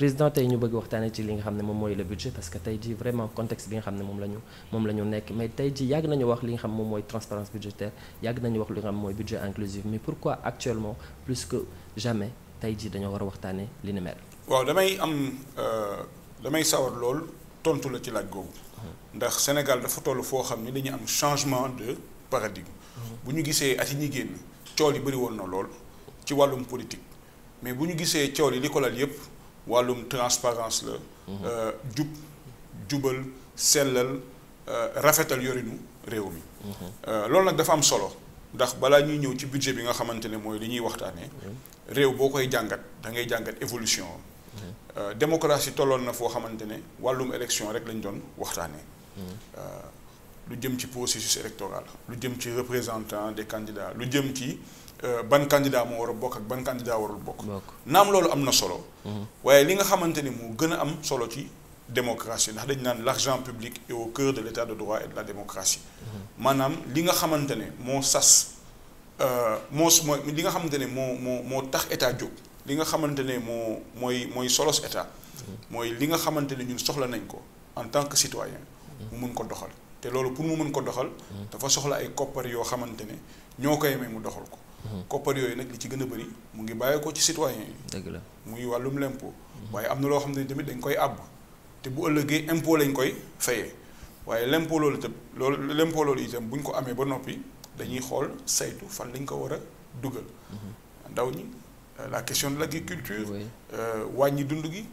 président tey ñu bëgg waxtaanee ci li nga xam ne moom mooy le budget parce que tey jii vraiment contexte bi nga xam ne moom la moom la nekk mais tey jii yàgg nañu wax li nga xam moom mooy transparence budgétaire yàgg nañu wax li nga xam mooy budget inclusif mais pourquoi actuellement plus que jamais tey jii dañoo war a waxtaanee li ni mel. waaw damay am euh, damay sawar lool tontu la ci laaj googu. Mm-hmm. ndax Sénégal dafa toll foo xam ne dañu am changement de paradigme. Mm-hmm. bu ñu gisee at yi ñuy génn yi bëri woon na lool ci wàllum politique mais bu ñu gisee coow yi li ko lal yëpp. wàllum transparence la mhm. euh, jub jubal sellal euh, rafetal yorinu réew mi mhm. euh, loolu nag dafa am solo ndax balaa ñuy ñëw ci budget bi nga xamante ne mooy li ñuy waxtaanee mhm. réew boo koy jàngat da ngay jàngat évolution démocratie tolloon na foo xamante ne wàllum élection rek lañ doon waxtaanee lu jëm ci processus électoral lu jëm ci représentant des candidats lu jëm ci Euh, ban candidat moo war a bokk ak ban candidat warul bokk. naam loolu am na solo. Mhm. waaye li nga xamante ni moo gën a am solo ci démocratie ndax dañ naan l'argent public est au cœur de l'état de droit et de la démocratie. Mhm. maanaam li nga xamante ne moo sas euh, moo su mooy li nga xamante ne moo moo moo tax état jóg li nga xamante ne moo mooy mooy solos état. Mhm. mooy li nga xamante ne ñun soxla nañ ko en tant que citoyen mu mun ko doxal. te loolu pour mu mën ko doxal. dafa soxla ay koppar yoo xamante ne ñoo ko may mu doxal ko. Mhm. koppar yooyu nag li ci gën a bëri mu ngi bàyyi ko ci citoyen yi. dëgg la muy wàllum lempo. Mhm. waaye am na loo xam ne tamit dañ koy àbb te bu ëllëgee impo lañ koy fayee waaye lempo loolu itam loolu lempo loolu itam bu ko amee ba noppi dañuy xool saytu fan lañ ko war a dugal. Mhm. ndaw ñi la question de l'agriculture. Euh, wàññi dund gi.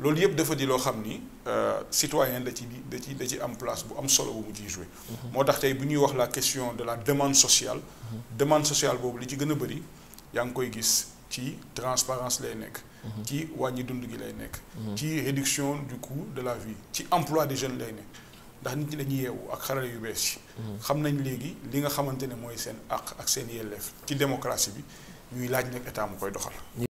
loolu yëpp dafa loo xam ni euh, citoyen da ci da ci da ci am place bu am solo bu mu ciy joué. Mhm. moo tax tey bu ñuy wax la question de la demande sociale. Mhm. demande sociale boobu li ci gën a bëri yaa ngi koy gis ci transparence lay nekk. Mhm. ci wàññi dund gi lay nekk. ci réduction du coût de la vie ci emploi de jeune lay nekk ndax nit ñi dañuy yeewu ak xarale yu bees yi. xam nañ léegi li nga xamante ne mooy seen àq ak seen yelleef ci démocratie bi ñuy laaj nag état mu koy doxal.